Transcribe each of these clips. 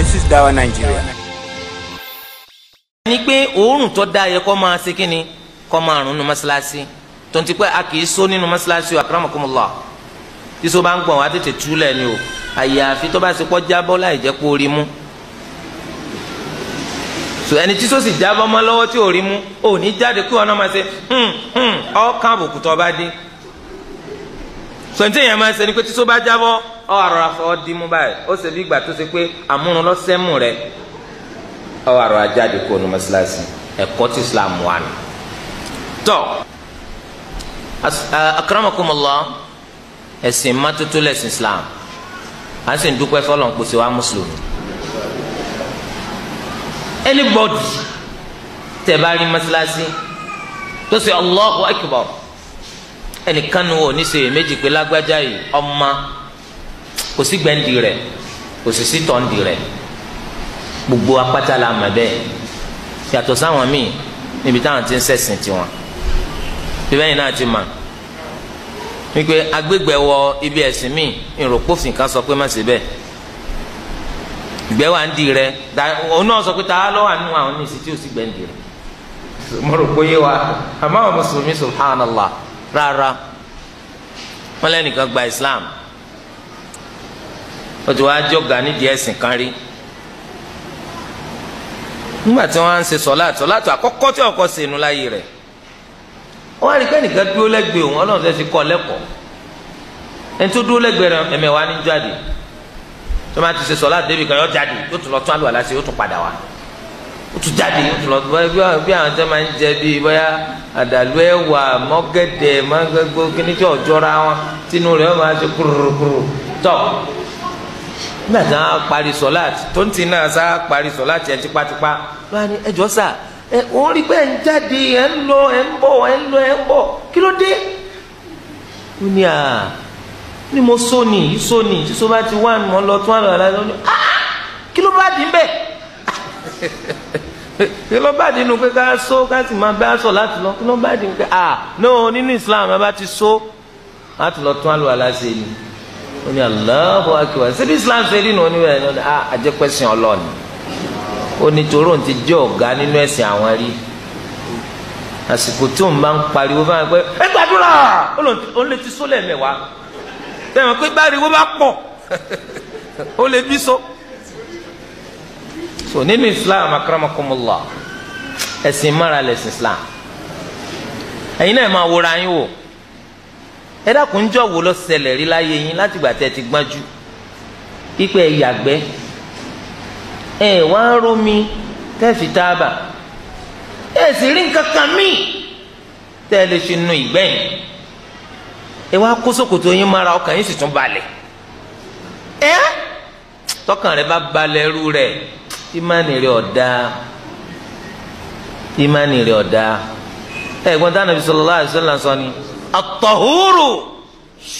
This is Dawa Nigeria. ni pé òórùn tó dáa yẹ kó máa ṣe kínni kó máa rùn nínú mọ́ṣáláṣí tó ń ti pẹ́ a kì í só nínú mọ́ṣáláṣí o akramakumullah tí bá ń gbọ̀n wá tètè túlẹ̀ ni o àyàfi tó bá ṣe pọ́ jábọ́ láì jẹ́ pé rí mú so ẹni tí sọ́sì jábọ́ mọ́ lọ́wọ́ tí ò rí mú ò ní jáde kí wọn náà máa ṣe hmm, hmm, ọkàn àbùkù tó bá dé so ní tí èèyàn máa ṣe ni pé tí bá jábọ́ ọ afọ ọdí mú báyìí ó ṣe bí gbà tó ṣe pé rẹ ọ ajáde kó nu ẹ̀kọ́ tí Islam wà ní. tọ́ eh, akramakumullah ẹ̀sìn mọ́tótó Islam à sì ń dúpẹ́ fọlọ́ ń pèsè wa mùsùlùmí. anybody tẹ̀ bá rí mọ́ṣáláṣí tó ṣe Allahu ẹnìkan kò sí gbẹ̀ǹdì rẹ̀ kò sì sí tọ̀ǹdì rẹ̀ gbogbo apáta la mọ̀ bẹ́ẹ̀ yàtọ̀ sáwọn míì níbi táwọn ti ń ṣẹ̀sìn tiwọn bíbẹ́ yìí náà ti mọ̀ wípé agbègbè wọ ibi ẹ̀sìn míì ìròpófin kan sọ pé má ṣe bẹ́ẹ̀ ìgbẹ́ wa ń di rẹ òun náà sọ pé ta wà àwọn oníṣẹ́ tí ó sì gbẹ̀ǹdì rẹ̀ mo rò pé yé wa gba Islam. ó ti wáá jọ̀gá nídìí ẹ̀sìn kan rí nígbà tí wọ́n á ń ṣe sọ́láàtì sọ́láàtì àkọ́kọ́ tí ọkọ̀ ṣe inú láyé rẹ̀ wọ́n á rí kẹ́nìkan dúró lẹ́gbẹ̀ẹ́ òun ọlọ́run fẹ́ fi kọ́ lẹ́kọ̀ọ́ ẹni tó dúró lẹ́gbẹ̀ẹ́ rẹ̀ ẹ̀mẹ̀wá ní jáde tó máa ti ṣe sọ́láàtì débi kan yọ jáde yóò tún lọ tún àlùwàlá ṣe yóò tún padà wá ó tún jáde ó tún lọ bí àwọn tó máa ń jẹ bíi bóyá àdàlú ẹwà mọ́gẹ́dẹ̀ mọ́gẹ́gbó kíní tí ọ̀jọ́ra wọn tínú rẹ̀ ó máa ṣe kúrúkúrú tọ́ nígbà tí wọn parí sọláàtì tó ń ti náà sá parí sọláàtì ẹ tipátipá wọn á ní ẹjọ sà ẹ wọn rí pé ẹ ń jáde ẹ ń lọ ẹ ń bọ̀ ẹ ń lọ ẹ ń bọ̀ kí ló dé. ó ní à ni mo sóni yìí sóni yìí sọ bá ti wá ní wọn lọ tún àlọ àlá lọ ní à kí ló bá dín bẹ kí ló bá dín nu pé ká só ká sì máa bá sọ láti lọ kí ló bá dín pé à náà nínú Islam ẹ bá ti só láti lọ tún àlọ àlá ṣe ni ó ní Allahu akbar síbi Islam ṣe rí nu oníwẹ̀ ẹni ọ̀nà àjẹpẹ́sìn ọlọ́ọ̀ni ó ní ah, toró ti jẹ́ ọ̀gá nínú ẹ̀sìn àwọn rí àsìkò tí òun bá ń pariwo fún wa pé ẹ gbàdúrà ó lè ti sólẹ̀ mẹ́wàá tẹ̀wọ̀n pé báriwo bá pọ̀ ó lè bí so so nínú Islam akramakumullah ẹ̀sìn mara lẹ̀sìn Islam ẹ̀yin náà máa wòra yín wò ẹ dákun jọ wo lọ ṣẹlẹ̀ rí láyé yín láti gbà tẹ́ ti gbájú pípẹ́ ìyàgbẹ́ ẹ wá rómi tẹ́fì tábà ẹ sì rí nǹkan kan míì tẹ́ ẹ lè ṣe nu ìgbẹ́yìn ẹ wá kó ṣòkòtò yín mara ọkàn yín sì tún balẹ̀ ẹ tọkàn rẹ bá balẹ̀ ẹrú rẹ ìmánì rẹ ọ̀dà ìmánì rẹ ọ̀dà ẹ gbọ́n dáná Ànábì sallallahu alaihi wasallam ni àtọ̀húrù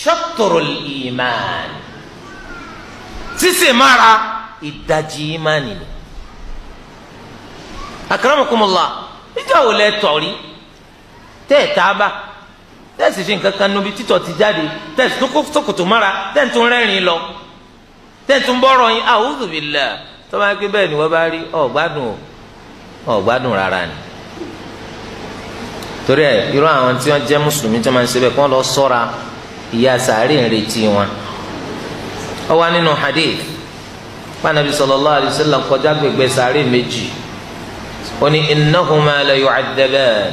ṣọ́tòrò ìmán sísè mára ìdajì ìmánì ni akaramakumula níjà wò lẹ tọrí tẹẹta bá tẹẹsì fi nǹkan kan níbi títọ ti jáde tẹẹsì tó kó sókòtò mára tẹẹsì tó ń rẹ́rìn lọ tẹẹsì bọrọ yín àwùjọ bìlà tọ́ba gbé bẹ́ẹ̀ ni wọ́n bá rí ọ̀gbádùn ọ̀gbádùn rárá ni torí ẹ irú àwọn tí wọ́n jẹ́ mùsùlùmí tí wọ́n máa ń ṣe bẹ́ẹ̀ kí wọ́n lọ sọ́ra ìyà sàárè ń retí wọn. ó wá nínú hadith pànàbí sallallahu alaihi wasallam kọjá gbègbè sàárè méjì ó ní innahuma la yu'addaban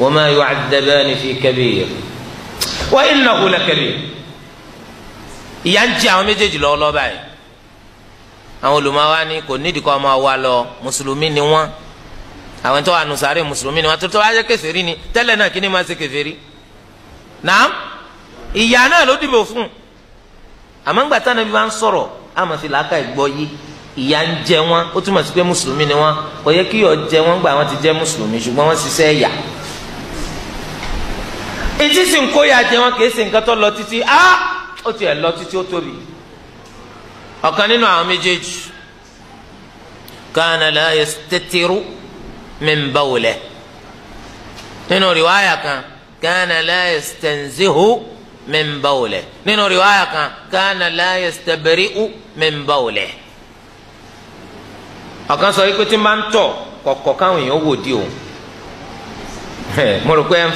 wa ma yu'addaban fi kabir wa innahu la kabir ìyà ń jẹ àwọn méjèèjì lọ́wọ́lọ́wọ́ báyìí àwọn olùmọ̀ wa ni kò nídìí kọ́ ọmọ wa lọ mùsùlùmí ni wọ́n àwọn tó wà nù sàárè mùsùlùmí ni wọn tó tó wáyé kèfèrí ni tẹ́lẹ̀ náà kí ni máa ṣe kèfèrí naam ìyá náà ló dìbò fún àmọ́ ńgbà táwọn ẹbí bá ń sọ̀rọ̀ àmọ́ fi làákà ìgbọ́ yé ìyá ń jẹ wọn ó túmọ̀ sí pé mùsùlùmí ni wọn kò yẹ kí yọ jẹ wọn gbà wọn ti jẹ mùsùlùmí ṣùgbọ́n wọn ṣiṣẹ́ ẹ̀yà etí sì ń kó ya jẹ wọn kì í ṣe nǹkan lọ títí á ó tiẹ̀ lọ títí ó tóbi ọ̀kan nínú àwọn méjèèjì kana la yastatiru. min bawlih nínú riwaayà kan kana la yastanzihu min bawlih nínú riwaayà kan kana la yastabri'u min bawlih. ọ̀kan sọ ikú tí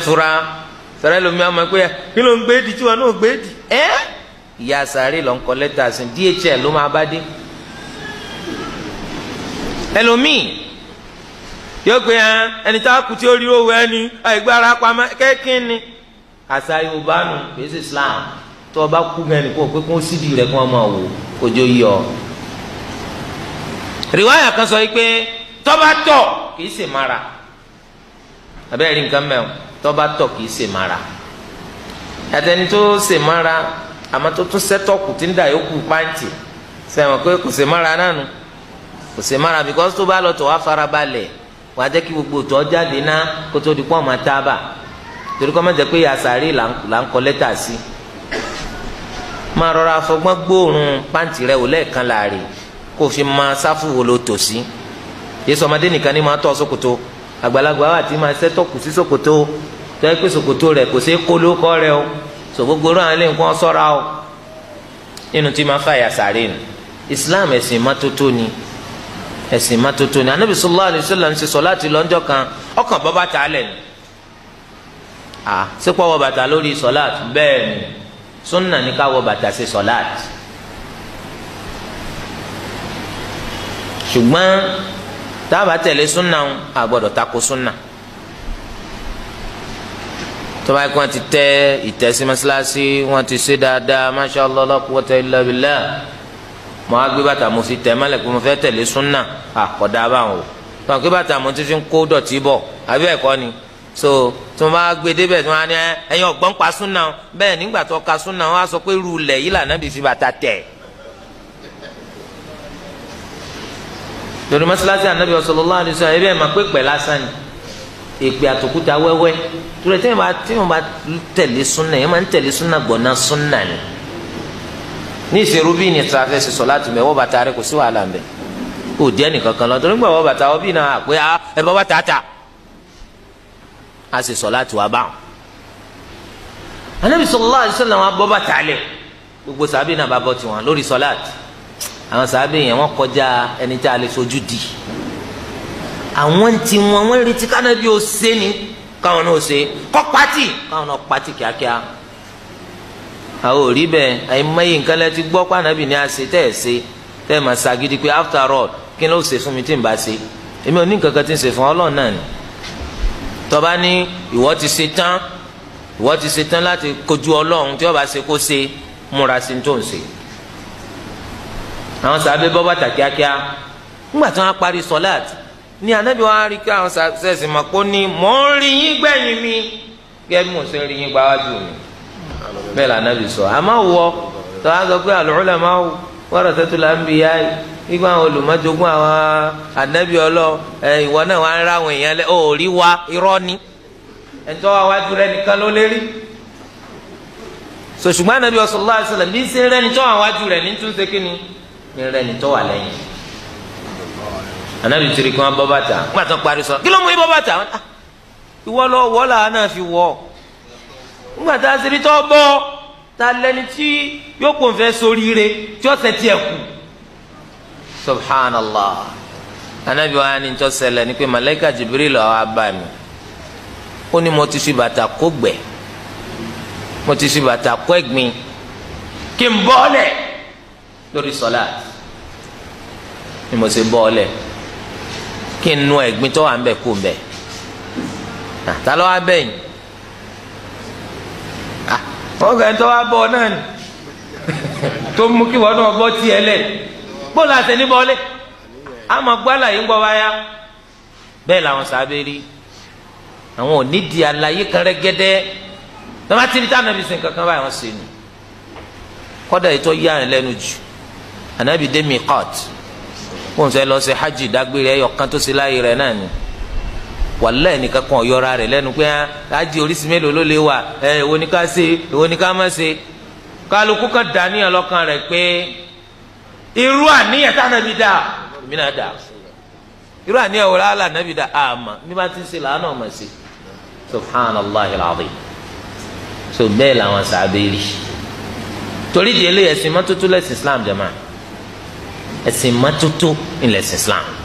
fura sọ̀rọ̀ ẹlòmí ọmọ ẹ ń lọ kọ lẹ́tà sí dhl ló máa yóò pé ẹ ẹni tá a kù tí ó rí owó ẹni àìgbára pamọ́ kẹ́kín ni àṣà yorùbá nù pèsè islam tó o bá kú gan ni kó o pé kó o sídìí rẹ kó o máa wò kójó yọ. rìwáyà kan sọ pé tọ́ba tọ̀ kìí ṣe mara àbẹ́rẹ́ rí nǹkan mẹ́wọ̀n tọ́ba tọ̀ kìí ṣe mara àtẹni tó ṣe mara àmọ́ tó tún sẹ́tọ̀kù tí ń dà yókù pàǹtì sẹ́wọ̀n pé kò ṣe mara náà nù kò ṣe mara because tó bá lọ tọ̀ wá farabalẹ̀ wàá jẹ́ kí gbogbo òtọ́ jáde ná kó tó di pọ́ ọmọ tábà torí kọ́ máa jẹ́ pé àṣàrí là ń kọ lẹ́tà sí máa rọra fọgbọ́n gbóòórùn pàǹtì rẹ wò lẹ́ẹ̀kan láàrin kó fi máa sáfù wò ló tò sí yéésù ọmọdé nìkan ni máa tọ́ ṣòkòtò àgbàlagbà wà tí máa sẹ́tọ̀kù sí ṣòkòtò tó yẹ pé ṣòkòtò rẹ kò ṣeé kó lóko rẹ o sọ gbogbo rẹ àwọn ilé nǹkan o nínú tí máa fàyà Islam ẹ̀sìn mọ́tótó ẹ̀sìn mọ́tótó ni anabi sallallahu alayhi wa sallam ń ṣe sọláàtì lọ́njọ́ kan ọkàn bọ́ bàtà alẹ̀ ni à sípò wọ bàtà lórí sọláàtì bẹ́ẹ̀ ni sunna ni ká wọ bàtà ṣe sọláàtì ṣùgbọ́n táàbà tẹ̀lé sunna ń àgbọ̀dọ̀ tako sunna tọ́ba yìí kí wọ́n ti tẹ́ ìtẹ́sí mọ́sálásí wọ́n ti ṣe dáadáa masha Allah la quwwata illa billah mo á gbé bàtà mo fi tẹ̀ mọ́lẹ̀ pé mo fẹ́ tẹ̀lé súnà àkọ́dá báwọn o tọ́ gbé bàtà mo ti fi ń kó dọ̀tí bọ̀ àbí ẹ̀kọ́ ni so tí mo bá gbé débẹ̀ tí mo á ní ẹ̀yin ọ̀gbọ́n pa súnà bẹ́ẹ̀ nígbà tó ka súnà wọn á sọ pé rúulẹ̀ yìí lànà bí fi bàtà tẹ̀. torí mọ́sálásí ànábì sallallahu alaihi wasallam ẹ̀bí ẹ̀ máa pé pẹ̀ lásán ni èpè àtòkúta wẹ́wẹ́ torí tí mo bá tẹ̀lé súnà yẹn máa ń tẹ̀lé súnà gbọ̀ná súnà ni ní ìṣerú bí ní tí a fẹ́ ṣe sọ láti mẹ́ wọ́n bàtà rẹ kò sí wàhálà mẹ́ kò jẹ́ nìkan kan lọ́dún nígbà wọ́n bàtà wọ́n bí náà àpé ah, ẹ bọ́ bàtà ta a sì sọ láti wá báwọn. anabi sallallahu alaihi wasallam wọn bọ́ bàtà lẹ̀ gbogbo sàbẹ̀ náà bá bọ́ tiwọn lórí sọláàtì àwọn sàbẹ̀ yẹn wọ́n kọjá ẹni tí a lè sojú di àwọn ń ti wọn wọ́n retí kánábí ó sé ni káwọn náà ó sé kọ́ pátì káwọn náà pátì kíákíá àwọn ò rí bẹ́ẹ̀ àìmọye nǹkan lẹ ti gbọ́ pé ànábì ni a ṣe tẹ́ ẹ̀ ṣe tẹ́ ẹ̀ máa ṣàgídí pé after all kí ló ṣe fún mi tí n bá ṣe èmi ò ní nǹkan kan tí ń ṣe fún ọlọ́run náà ni tọ́ba ní ìwọ ti ṣe tán ìwọ ti ṣe tán láti kojú ọlọ́run tí ó bá ṣe kó ṣe múra sí tó ń ṣe àwọn sàbẹ bọ́ bàtà kíákíá ńgbà tí wọ́n á parí sọ́láàt ní anábì wọn á rí kí àwọn sàṣẹ̀sì mọ̀ pé ó ní mò ń rí yín gbẹ̀yìn mi gẹ́gẹ́ bí mo ṣe rí yín gbáwájú mi bẹ́ẹ̀ là nàbì sọ àmọ́ wọ tó a sọ pé al-ulama warasatul anbiya nígbà àwọn olùmọ̀jogún àwọn ànábì ọlọ ìwọ náà wà ń ra àwọn èèyàn lẹ òòrí wa irọ́ ni ẹ̀ńtọ́ wa wájú rẹ nìkan ló lérí sòṣùgbọ́n ànábì sallallahu alaihi wasallam bí ń ṣe rẹ́ni tọ́ àwọn wájú rẹ̀ ní túnṣe kí ni ní rẹ́ni tọ́ wà lẹ́yìn ànábì tiri kan bọ́ bàtà ńgbà tó parí sọ kí ló mú yín bọ́ bàtà ah, ìwọ lọ wọ́ làwọn náà fi wọ́ ọ nígbà tá a ṣe rí tó bọ́ ta lẹni tí yóò kó nfẹ́ soríire tí ọ̀sẹ̀ tiẹ̀ kù subhanallah anabi wa ni tó ṣẹlẹ̀ ni pé malayika jibril wá bá mi ó ní mo ti ṣí bàtà kó gbẹ mo ti ṣí bàtà kó ẹ̀gbin kí n bọ́ọ̀lẹ̀ lórí sọlá ni mo ṣe bọ́ọ̀lẹ̀ kí n nu ẹ̀gbin tó wà ń bẹ̀ kó ń bẹ̀ ta ló wá bẹ́yìn. wọn kàn tó bọ náà ni tó mú kí wọn náà bọ tiẹ̀ lẹ bó la ṣe ní bọlé yìí ń onidi wáyà bẹ́ẹ̀ làwọn sábẹ́ rí àwọn onídìí àlàyé kan rẹ́gẹ́dẹ́ tọ́ba tí ní tá sìn kankan báyìí wọ́n ṣe nù ètò yí àrùn jù ànábì mi kọ́t wọ́n hajj dágbére kan tó wàlá ẹnìkan kan ọ̀yọ́ra rẹ̀ lẹ́nu pé ah, ájí oríṣi mélòó ló lè wà ẹ èwo ni ká ṣe èwo ni ká má ṣe kálukú kan dàníyàn lọ́kàn rẹ̀ pé irú àníyàn tá nàbí dà èmi náà dà irú àníyàn wò lálà nàbí dà àmà bí bá ti ṣe làánà ọmọ ṣe subhanallah alazim so bẹ́ẹ̀ làwọn sàbẹ̀rì torí di eléyìí ẹ̀sìn mọ́tótó lẹ́sìn islam jẹ́ máa ẹ̀sìn mọ́tótó ńlẹ̀sìn islam.